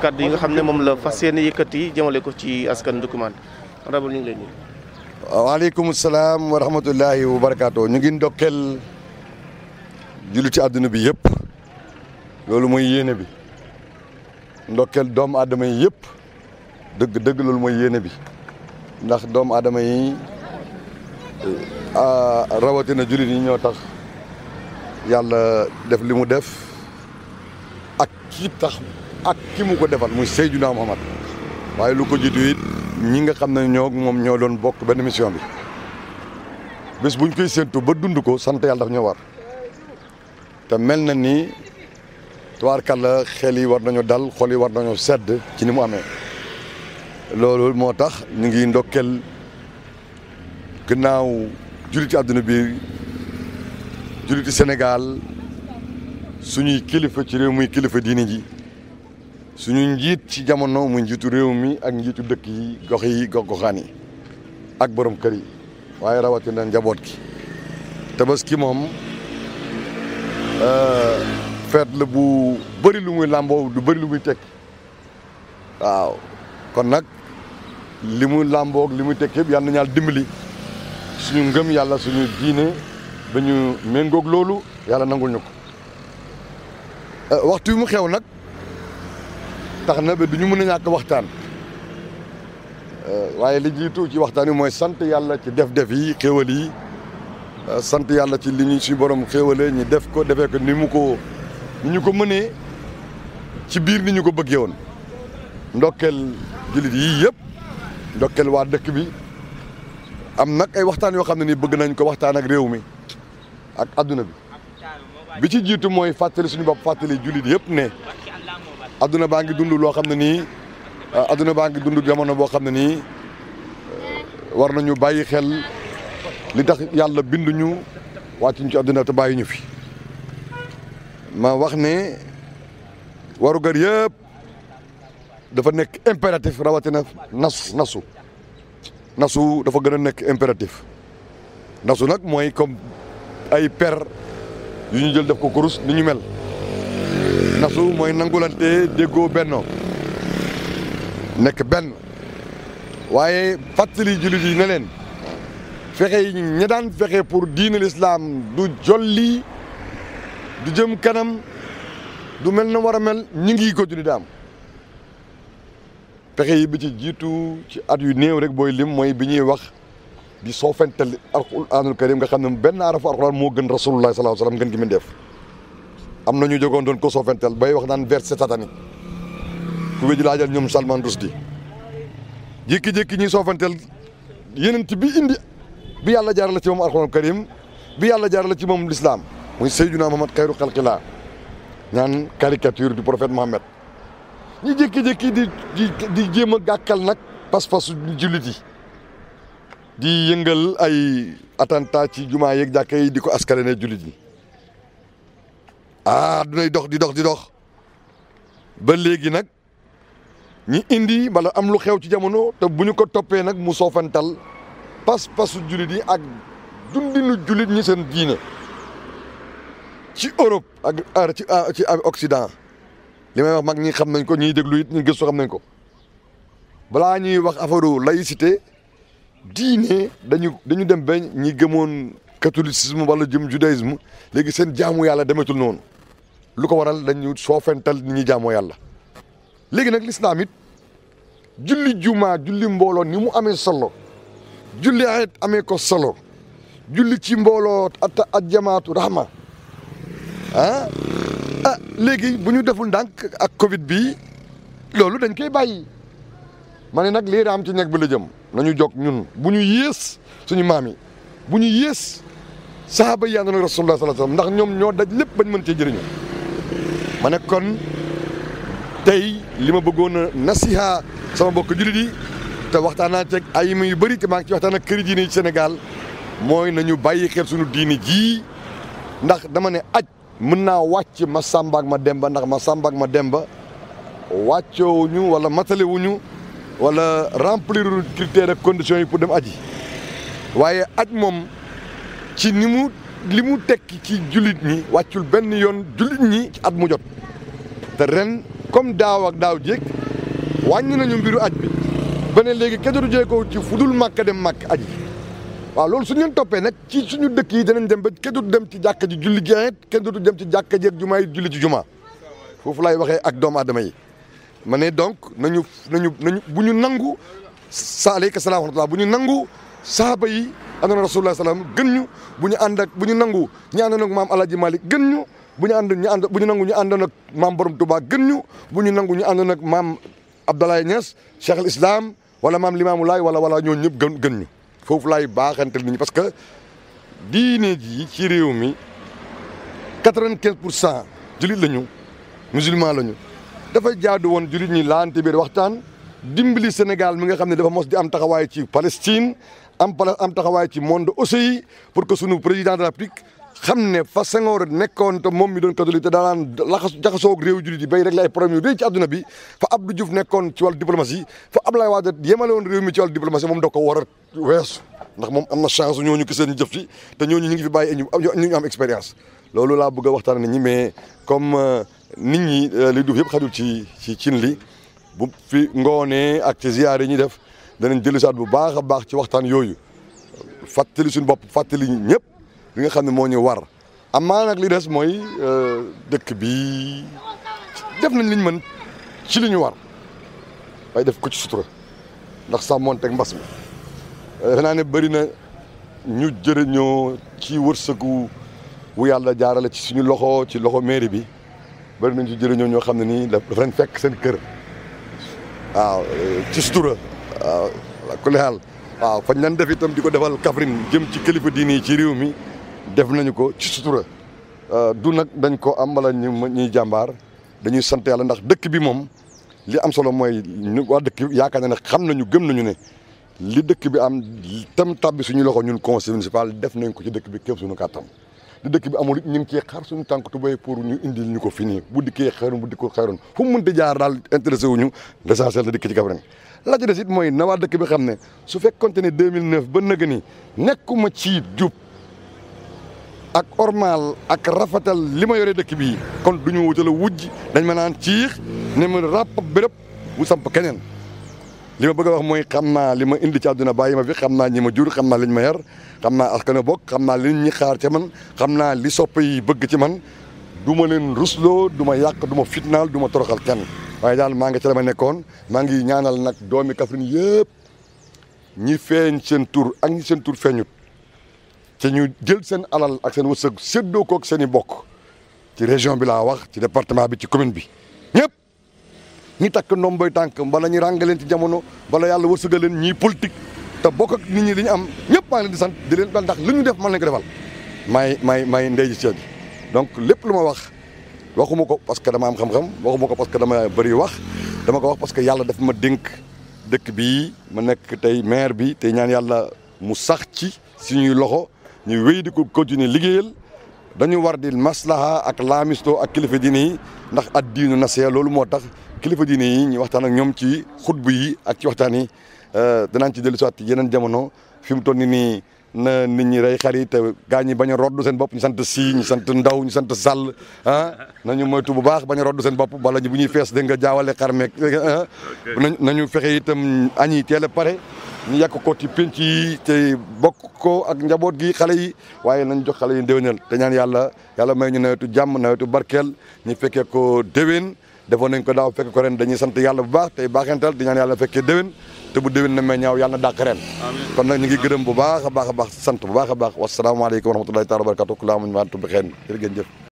kaddu yi nga xam ne moom la fas yéene yëkkati jëmale ko ci askan document honorable ñu salaam wa rahmatullahi wa barakaatu ñu ngi ndokkeel julli ci àdduna bi yëpp loolu mooy yéene bi ndokkeel doomu adama yi yëpp dëgg dëgg loolu mooy yéene bi ndax doomu aadama yi ah, rawatina jullit yi ñoo tax yàlla def li mu def ak kii tax ak kii mu ko defal muy Seydina Muhammad waaye lu ko jiitu it ñi nga xam ne ñoo moom ñoo doon bokk benn mission bi bés buñ koy séentu ba dund ko sant yàlla daf ñoo war te mel na ni tubaarkàlla xel yi war nañu dal xol yi war nañu sedd ci ni mu amee loolu moo tax ñu ngi ndokkel gannaaw julliti àdduna bi julliti Sénégal suñuy kilifa ci réew muy kilifa diini ji suñu njiit ci jamono mu njiitu réew mi ak njiitu dëkk yi gox yi gox goxaan yi ak borom kër yi waaye rawatina njaboot gi tabaski moom euh, feet la bu bëri lu muy làmboo lu bari lu muy tekki waaw kon nag li mu làmboo li muy tekki yëpp yal na ñaal dimbali suñu ngëm yàlla suñu diine ba ñu méngoog loolu yàlla nangul ñu ko euh, waxtu wi mu xew nag. tax na ba du ñu mën a ñàkk waxtaan euh, waaye li jiitu ci waxtaan yi mooy sant yàlla ci def-def yi xéwal yi euh, sant yàlla ci li ñu si borom xéwalee ñi def ko defee ko ni mu ko ni ñu ko mënee ci biir ni ñu ko bëggee woon ndokkeel jullit yii yëpp ndokkeel waa dëkk bi am nag ay waxtaan yoo xam ne ni bëgg nañ ko waxtaan ak réew mi ak àdduna bi bi ci jiitu mooy fàttali suñu bopp fàttali jullit yëpp ne. adduna baa ngi dund loo xam ne nii ah, adduna baa ngi dundu jamono boo xam ne nii war nañu bàyyi xel li tax yàlla binduñu wàccuñ ci adduna te bàyyi ñu fi ma wax ne warugar yëpp dafa nekk impératif rawatina nas nasu nasu dafa gën a nekk impératif nasu nag mooy comme ay per yu ñu jël def ko kurus ni ñu mel nasu mooy nangulante déggoo bennoo nekk benn waaye fàttali jullit yi ne leen fexe ñi daan fexe pour diine l'islam du jolli du jëm kanam du mel na war a mel ñu ngi ko di am fexe yi bi ci jiitu ci at yu néew rek booy lim mooy bi ñuy wax di soofental alquranul karim nga xam ne benn arafu alquran moo gën rasulullah sallallahu alayhi wasallam ngeen gi mën def am na ñu jógoon doon ko soofentel bay wax naan verset satanique ku wéji laajal ñoom Salman Rushdie jékki-jékki ñuy soofentel yenent bi indi bi yàlla jaarale ci moom alxuraan karim bi yàlla jaarale ci moom l'islam muy Seydina Muhammad xayru xalqilaa ñaan caricature du prophète Muhammad. ñu jékki-jékki di di di jéem a gàkkal pas-pasu juli di. di yëngal ay attentat ci jumaa yeeg jàkka di ko askanale Juli yi ah dunay dox di dox di dox ba léegi nag ñi indi bala am lu xew ci jamono te bu ñu ko toppee nag mu soofantal pas-pasu jullit yi ak dundinu jullit ñi seen diine ci Europe ak ah, ci ah, ci ah, Occident li may wax mag ñi xam nañ ko ñiy déglu yit ñu gëstu xam nañ ko balaa ñuy wax affaire laïcité diine dañu dañu dem ba ñi gëmoon catholicisme wala jëm judaïsme léegi seen jaamu yàlla demetul noonu. lu ko waral dañu soofental nit ñi jaamoo yàlla léegi nag lislaam it julli jumaa julli mbooloo ni mu amee solo julli ayet amee ko solo julli ci mbooloo ata jamaatu rahma ah ah léegi bu ñu deful ndànk ak covid bi loolu dañ koy bàyyi ma ne nag lii am ci nekk bi la jëm nañu jog ñun bu ñu yées suñu maam yi bu ñu yées sahaaba yi àndoon ak rasulullah sallallahu alayhi wasallam ndax ñoom ñoo daj lépp bañ mën cee jëriñoo ma ne kon tey li ma bëggoon a nasiha sama mbokk jullit yi te waxtaan naa teg ay yu bëri te maa ngi ci waxtaan ak këri diine mooy nañu bàyyi xel suñu diine jii ndax dama ne aj mën naa wàcc ma Samba ak ma Demba ndax ma Samba ak ma Demba wàccoowuñu wala matalewuñu wala remplir critères ak conditions yi pour dem aji waaye aj moom ci ni mu li mu tekki ci jullit ñi wàccul benn yoon jullit ñi ci at mu jot te ren comme daaw ak daaw jéeg wàññi nañu mbiru aj bi ba ne léegi kenn du jéego ci fu dul màkk dem màkk aj yi waaw loolu su ñu toppee nag ci suñu dëkk yi danañ dem ba kenn du dem ci jàkka ji julli jeexit kenn du dem ci jàkka ji ak jumaa yi julli ci jumaa foofu lay waxee ak doomu aadama yi ma ne donc nañu nañu bu ñu nangu saaleyka salaam wa rahmatullah bu ñu nangu saaba yi andoona rasulullah salaam gën ñu bu ñu ànd bu ñu nangu ñu àndoon maam alaaji Malick gën ñu bu ñu ànd ñu ànd bu ñu nangu ñu àndoon ak maam borom Touba gën ñu bu ñu nangu ñu àndoon ak maam Abdoulaye Niass Cheikh al Islam wala maam Limaamu Laay wala wala ñoo ñëpp gën gën ñu foofu laay baaxantel nit ñi parce que diine ji ci réew mi quatre vingt pour cent julit lañu musulman lañu dafa jaadu woon julit ñi laante biir waxtaan dimbali Sénégal mi nga xam ne dafa mos di am taxawaay ci Palestine am am taxawaay ci monde aussi pour que sunu président de la République xam ne fa Senghor nekkoon te moom mi doon catholique te daan laxas jaxasoo ak réew jullit yi bay rek la ay problème yu rëy ci àdduna fa Abdou Diouf nekkoon ci wàllu diplomatie fa Ablaye Wade yemale woon réew mi ci wàllu diplomatie moom da ko war a weesu ndax moom am na chance ñooñu gisee ñu jëf te ñooñu ñu ngi fi bàyyi ñu ñu am expérience loolu laa bëgg a waxtaan mais comme euh, nit ñi euh, li duuf yëpp xajul ci ci cin li bu fi ngoonee ak ci ziyaar yi ñuy def danañ saat bu baax a baax ci waxtaan yooyu fàttali suñu bopp fàttali ñëpp li nga xam ne moo ñu war amaa nag li des mooy euh, dëkk bi def nañ liñ mën ci li ñu war waaye def ko ci sutura ndax sàmmoonteeg mbas mi defe naa ne bëri na ñu jëriñoo ci wërsëgu wu yàlla jaarale ci suñu loxo ci loxo mairie bi bëri nañ ci jëriñoo ñoo xam ne nii daf leen fekk seen kër waaw ci sutura waaw ku leexal waaw fañ nan def itam di ko defal Kaffrine jëm ci kilifa diini yi ci réew mi def nañu ko ci sutura euh, du nag dañ ko am wala ñu ñuy jàmbaar dañuy sant yàlla ndax dëkk bi moom li am solo mooy waa dëkk yaakaar na ne xam nañu gëm nañu ne li dëkk bi am tam tabbi suñu loxo ñun conseil municipal def nañ ko ci dëkk bi képp sunu kàttan di dëkk bi amul it ñu ngi cee xaar suñu tànk tubéy pour ñu indi ñu ko fi nii bu dikkee nu bu di dikkoo xeeroon fu mu mënti jaar daal intéressé wuñu l'essentiel da dikk ci Kaffrine la ci des it mooy na waa dëkk bi xam ne su fekkonte ne 2009 ba nëgë ni nekkuma ci jub ak ormal ak rafetal li ma yore dëkk bi kon du ñu wutale wujj dañ ma naan ciix ne ma ràpp béréb bu samp keneen li ma bëgg wax mooy xam naa li ma indi ci àdduna bàyyi ma fi xam naa ñi ma jur xam naa li ñu ma yar xam naa askan a bokk xam naa li ñi xaar ca man xam naa li soppe yi bëgg ci man du ma leen rusloo du ma yàq du ma fitnaal du ma toroxal kenn waaye daal maa ngi ca la ma nekkoon maa ngi ñaanal nag doomi Kaffrine yëpp ñi feeñ seen tur ak ñi seen tur feeñut te ñu jël seen alal ak seen wërsëg séddoo kook seen i bokk ci région bi laa wax ci département bi ci commune bi ñëpp ñi takk tank tànk bala ñu ràngaleen ci jamono bala yàlla wërsëgal leen ñii politique te bokk ak nit ñi li ñu am ñëpp maa ngi di sant di leen dal ndax def man lañ ko defal may may may ndey ji seen donc lépp lu ma wax waxuma ko parce que dama am xam-xam waxuma ko parce que dama bëri wax dama ko wax parce que yàlla daf ma dénk dëkk bii ma nekk tey maire bi tey ñaan yàlla mu sax ci suñuy loxo ñu wéy di ko continuer liggéeyal dañu war di maslaha ak laamisto ak kilifa diine ndax ad diinu nasiya loolu kilifa diine yi ñu waxtaan ak ñoom ci xutbu yi ak ci waxtaan yi euh, danaan ci dellu si waat yeneen jamono fi mu toll ni nii na nit ñi rey xar yi te gaa ñi bañ a roddu seen bopp ñu sant si ñu sant ndaw ñu sant sàll ah nañu moytu bu baax bañ a roddu seen bopp bala bu ñuy fees dégg nga jaawale xar meeg ah. nañu fexe itam añ yi teel a pare ñu yàq ko ci pénc yi te bokk ko ak njaboot gi xale yi waaye nañ jox xale yi déwénal te ñaan yàlla yàlla may ñu nawetu jàmm nawetu barkeel ñu fekkee ko déwén defoon nañ ko daaw fekk ko ren dañuy sant yàlla bu baax tey baaxental di ñaan yàlla fekkee déwén te bu déwén na may ñaaw na dàq kon nag ñu ngi gërëm bu baax a baax a baax sant bu baax a baax wasalaamaaleykum wa rahmatullahi taala wa barakatu kulaa muñ maan tubi xeen jërëgéen jëf